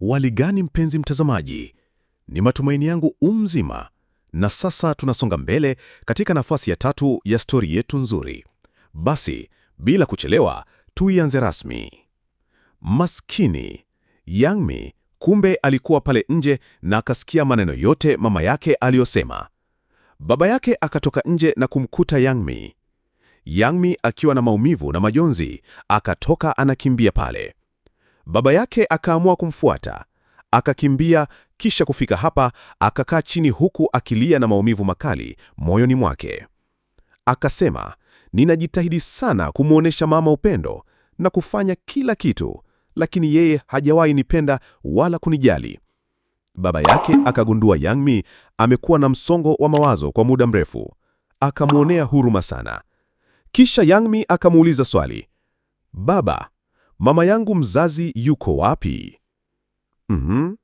Wali gani mpenzi mtazamaji? Ni matumaini yangu umzima, na sasa tunasonga mbele katika nafasi ya tatu ya stori yetu nzuri. Basi bila kuchelewa, tuianze rasmi. Maskini yangmi kumbe alikuwa pale nje na akasikia maneno yote mama yake aliyosema. Baba yake akatoka nje na kumkuta yangmi yangmi akiwa na maumivu na majonzi, akatoka anakimbia pale. Baba yake akaamua kumfuata, akakimbia kisha kufika hapa akakaa chini huku akilia na maumivu makali moyoni mwake. Akasema, ninajitahidi sana kumwonyesha mama upendo na kufanya kila kitu, lakini yeye hajawahi nipenda wala kunijali. Baba yake akagundua yangmi amekuwa na msongo wa mawazo kwa muda mrefu, akamwonea huruma sana. Kisha yangmi akamuuliza swali, baba, mama yangu mzazi yuko wapi? mm -hmm.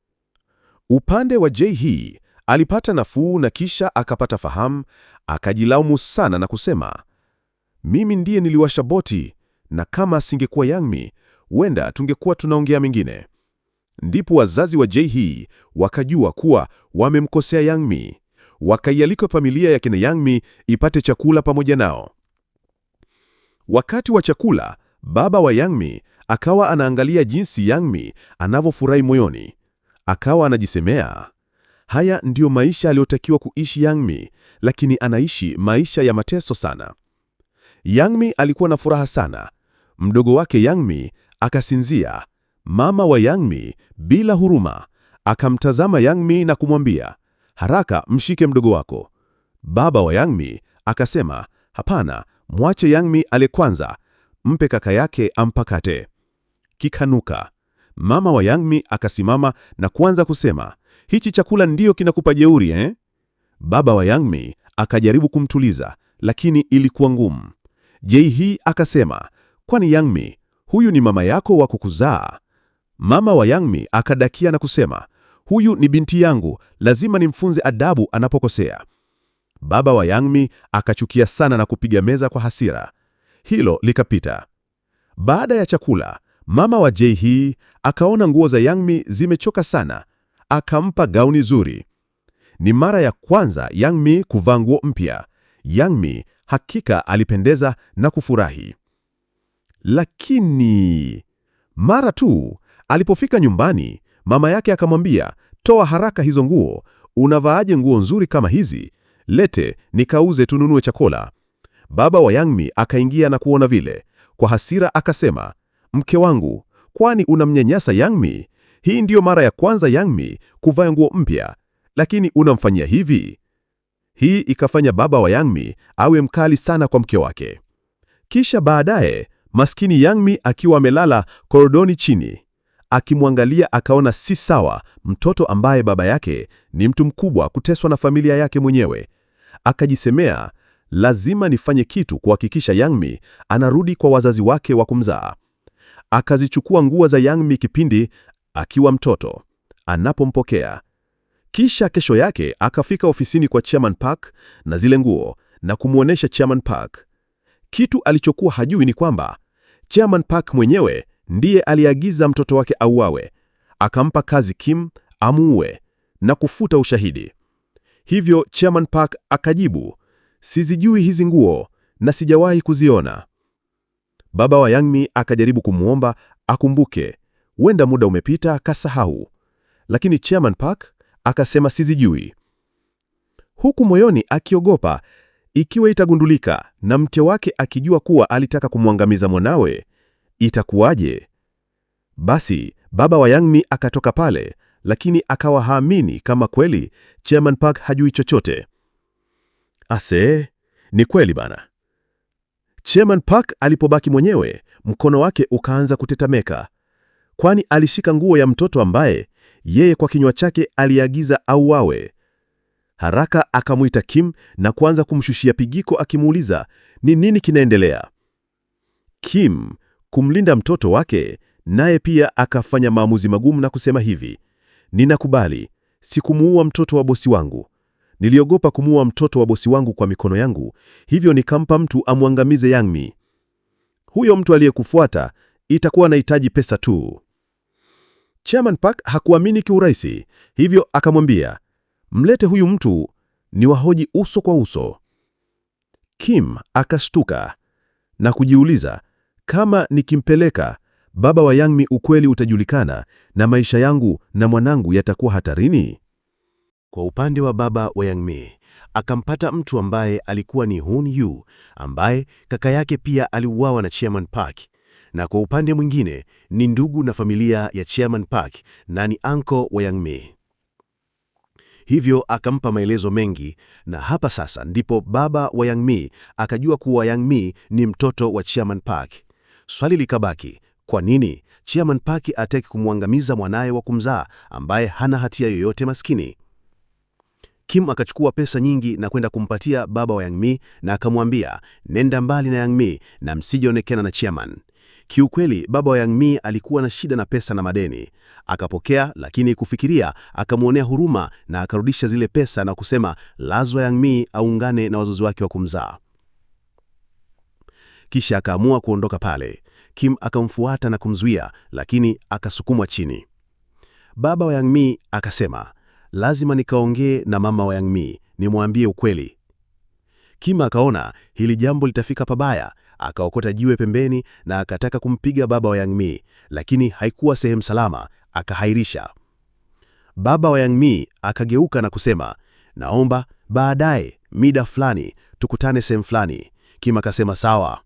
Upande wa hii alipata nafuu na kisha akapata fahamu, akajilaumu sana na kusema, mimi ndiye niliwasha boti na kama asingekuwa Yangmi huenda tungekuwa tunaongea mengine. Ndipo wazazi wa hii wakajua kuwa wamemkosea Yangmi, wakaialika familia ya kina Yangmi ipate chakula pamoja nao. Wakati wa chakula, baba wa Yangmi Akawa anaangalia jinsi yangmi anavyofurahi moyoni, akawa anajisemea, haya ndiyo maisha aliyotakiwa kuishi yangmi lakini anaishi maisha ya mateso sana. yangmi alikuwa na furaha sana. Mdogo wake yangmi akasinzia. Mama wa yangmi bila huruma akamtazama yangmi na kumwambia, haraka mshike mdogo wako. Baba wa yangmi akasema, hapana, mwache yangmi ale kwanza, mpe kaka yake ampakate kikanuka. Mama wa yangmi akasimama na kuanza kusema, hichi chakula ndiyo kinakupa jeuri eh? Baba wa yangmi akajaribu kumtuliza, lakini ilikuwa ngumu. jei hii akasema, kwani yangmi huyu ni mama yako wa kukuzaa? Mama wa yangmi akadakia na kusema, huyu ni binti yangu, lazima nimfunze adabu anapokosea. Baba wa yangmi akachukia sana na kupiga meza kwa hasira. Hilo likapita. Baada ya chakula, Mama wa Jae-hee akaona nguo za Yang-mi zimechoka sana, akampa gauni zuri. Ni mara ya kwanza Yang-mi kuvaa nguo mpya. Yang-mi hakika alipendeza na kufurahi. Lakini mara tu alipofika nyumbani, mama yake akamwambia, toa haraka hizo nguo, unavaaje nguo nzuri kama hizi? Lete nikauze, tununue chakula. Baba wa Yang-mi akaingia na kuona vile, kwa hasira akasema, mke wangu, kwani unamnyanyasa yangmi Hii ndiyo mara ya kwanza yangmi kuvaa nguo mpya, lakini unamfanyia hivi. Hii ikafanya baba wa yangmi awe mkali sana kwa mke wake. Kisha baadaye maskini yangmi akiwa amelala korodoni chini, akimwangalia akaona si sawa, mtoto ambaye baba yake ni mtu mkubwa kuteswa na familia yake mwenyewe. Akajisemea, lazima nifanye kitu kuhakikisha yangmi anarudi kwa wazazi wake wa kumzaa akazichukua nguo za Yang-mi kipindi akiwa mtoto anapompokea. Kisha kesho yake akafika ofisini kwa Chairman Park na zile nguo na kumwonyesha Chairman Park. Kitu alichokuwa hajui ni kwamba Chairman Park mwenyewe ndiye aliagiza mtoto wake auawe, akampa kazi Kim amuue na kufuta ushahidi. Hivyo Chairman Park akajibu, sizijui hizi nguo na sijawahi kuziona. Baba wa yangmi akajaribu kumwomba akumbuke, huenda muda umepita kasahau, lakini Chairman Park akasema sizijui, huku moyoni akiogopa ikiwa itagundulika na mke wake akijua kuwa alitaka kumwangamiza mwanawe itakuwaje? Basi baba wa Yangmi akatoka pale, lakini akawa haamini kama kweli Chairman Park hajui chochote. Ase, ni kweli bana. Chairman Park alipobaki mwenyewe, mkono wake ukaanza kutetemeka, kwani alishika nguo ya mtoto ambaye yeye kwa kinywa chake aliagiza auawe. Haraka akamwita Kim na kuanza kumshushia pigiko akimuuliza ni nini kinaendelea. Kim, kumlinda mtoto wake, naye pia akafanya maamuzi magumu na kusema hivi: ninakubali, sikumuua mtoto wa bosi wangu, Niliogopa kumuua mtoto wa bosi wangu kwa mikono yangu, hivyo nikampa mtu amwangamize Yangmi. Huyo mtu aliyekufuata itakuwa anahitaji pesa tu. Chairman Park hakuamini kiurahisi, hivyo akamwambia, mlete huyu mtu ni wahoji uso kwa uso. Kim akashtuka na kujiuliza kama nikimpeleka baba wa Yangmi ukweli utajulikana na maisha yangu na mwanangu yatakuwa hatarini. Kwa upande wa baba wa Yang akampata mtu ambaye alikuwa ni Hun Yu, ambaye kaka yake pia aliuawa na Chairman Park, na kwa upande mwingine ni ndugu na familia ya Chairman Park na ni anko wa Yang Hivyo akampa maelezo mengi, na hapa sasa ndipo baba wa Yang Mi akajua kuwa Yang Mi ni mtoto wa Chairman Park. Swali likabaki, kwa nini Chairman Park ataki kumwangamiza mwanaye wa kumzaa ambaye hana hatia yoyote maskini? Kim akachukua pesa nyingi na kwenda kumpatia baba wa yangmi na akamwambia, nenda mbali na yangmi na msijionekana na chairman. Kiukweli baba wa yangmi alikuwa na shida na pesa na madeni. Akapokea, lakini kufikiria akamwonea huruma na akarudisha zile pesa na kusema lazwa yangmi aungane na wazazi wake wa kumzaa. Kisha akaamua kuondoka pale. Kim akamfuata na kumzuia, lakini akasukumwa chini. Baba wa yangmi akasema lazima nikaongee na mama wa Yangmi, nimwambie ukweli. Kima akaona hili jambo litafika pabaya, akaokota jiwe pembeni na akataka kumpiga baba wa Yangmi, lakini haikuwa sehemu salama, akahairisha. Baba wa Yangmi akageuka na kusema, naomba baadaye mida fulani tukutane sehemu fulani. Kima akasema sawa.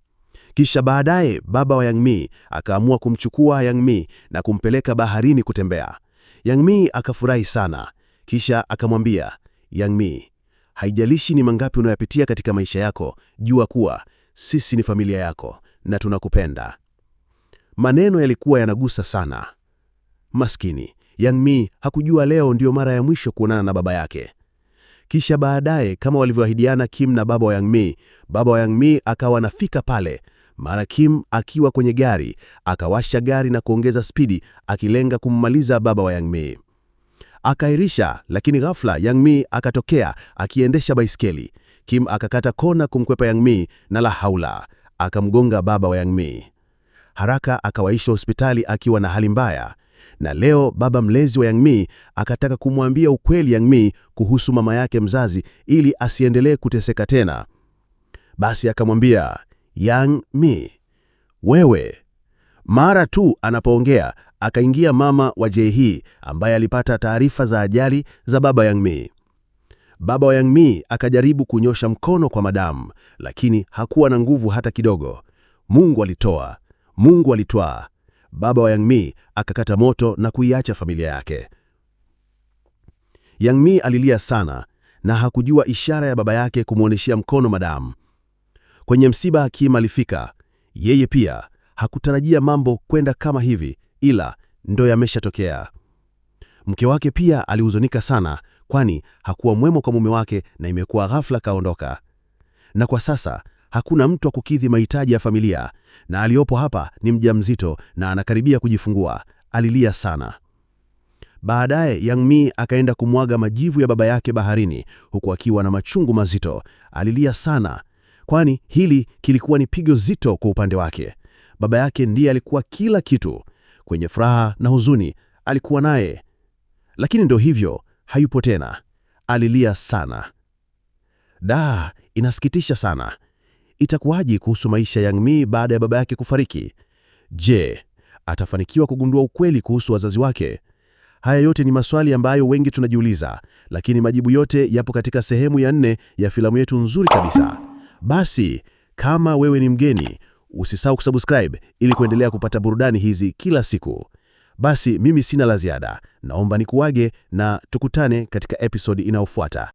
Kisha baadaye baba wa Yangmi akaamua kumchukua Yangmi na kumpeleka baharini kutembea. Yangmi akafurahi sana. Kisha akamwambia Yang-mi, haijalishi ni mangapi unayopitia katika maisha yako, jua kuwa sisi ni familia yako na tunakupenda. Maneno yalikuwa yanagusa sana. Maskini Yang-mi hakujua leo ndiyo mara ya mwisho kuonana na baba yake. Kisha baadaye, kama walivyoahidiana Kim na baba wa Yang-mi, baba wa Yang-mi akawa anafika pale mara Kim akiwa kwenye gari, akawasha gari na kuongeza spidi akilenga kummaliza baba wa Yang-mi. Akairisha, lakini ghafla Yang Mi akatokea akiendesha baiskeli. Kim akakata kona kumkwepa Yang Mi na la haula, akamgonga baba wa Yang Mi. Haraka akawaishwa hospitali akiwa na hali mbaya. Na leo baba mlezi wa Yang Mi akataka kumwambia ukweli Yang Mi kuhusu mama yake mzazi ili asiendelee kuteseka tena. Basi akamwambia Yang Mi, wewe. Mara tu anapoongea akaingia mama wa Jehi ambaye alipata taarifa za ajali za baba Yang Mi. Baba wa Yang Mi akajaribu kunyosha mkono kwa madamu, lakini hakuwa na nguvu hata kidogo. Mungu alitoa, Mungu alitwaa. Baba wa Yang Mi akakata moto na kuiacha familia yake. Yang Mi alilia sana na hakujua ishara ya baba yake kumwoneshea mkono madamu. Kwenye msiba hakim alifika. Yeye pia hakutarajia mambo kwenda kama hivi, ila ndo yameshatokea. Mke wake pia alihuzunika sana, kwani hakuwa mwema kwa mume wake na imekuwa ghafla kaondoka, na kwa sasa hakuna mtu wa kukidhi mahitaji ya familia, na aliyopo hapa ni mjamzito na anakaribia kujifungua. Alilia sana. Baadaye Yang Mi akaenda kumwaga majivu ya baba yake baharini, huku akiwa na machungu mazito. Alilia sana, kwani hili kilikuwa ni pigo zito kwa upande wake. Baba yake ndiye alikuwa kila kitu, kwenye furaha na huzuni alikuwa naye. Lakini ndio hivyo, hayupo tena. Alilia sana. Da, inasikitisha sana. Itakuwaje kuhusu maisha ya Yang Mi baada ya baba yake kufariki? Je, atafanikiwa kugundua ukweli kuhusu wazazi wake? Haya yote ni maswali ambayo wengi tunajiuliza, lakini majibu yote yapo katika sehemu ya nne ya filamu yetu nzuri kabisa. Basi, kama wewe ni mgeni Usisahau kusubscribe ili kuendelea kupata burudani hizi kila siku. Basi mimi sina la ziada, naomba nikuage na tukutane katika episodi inayofuata.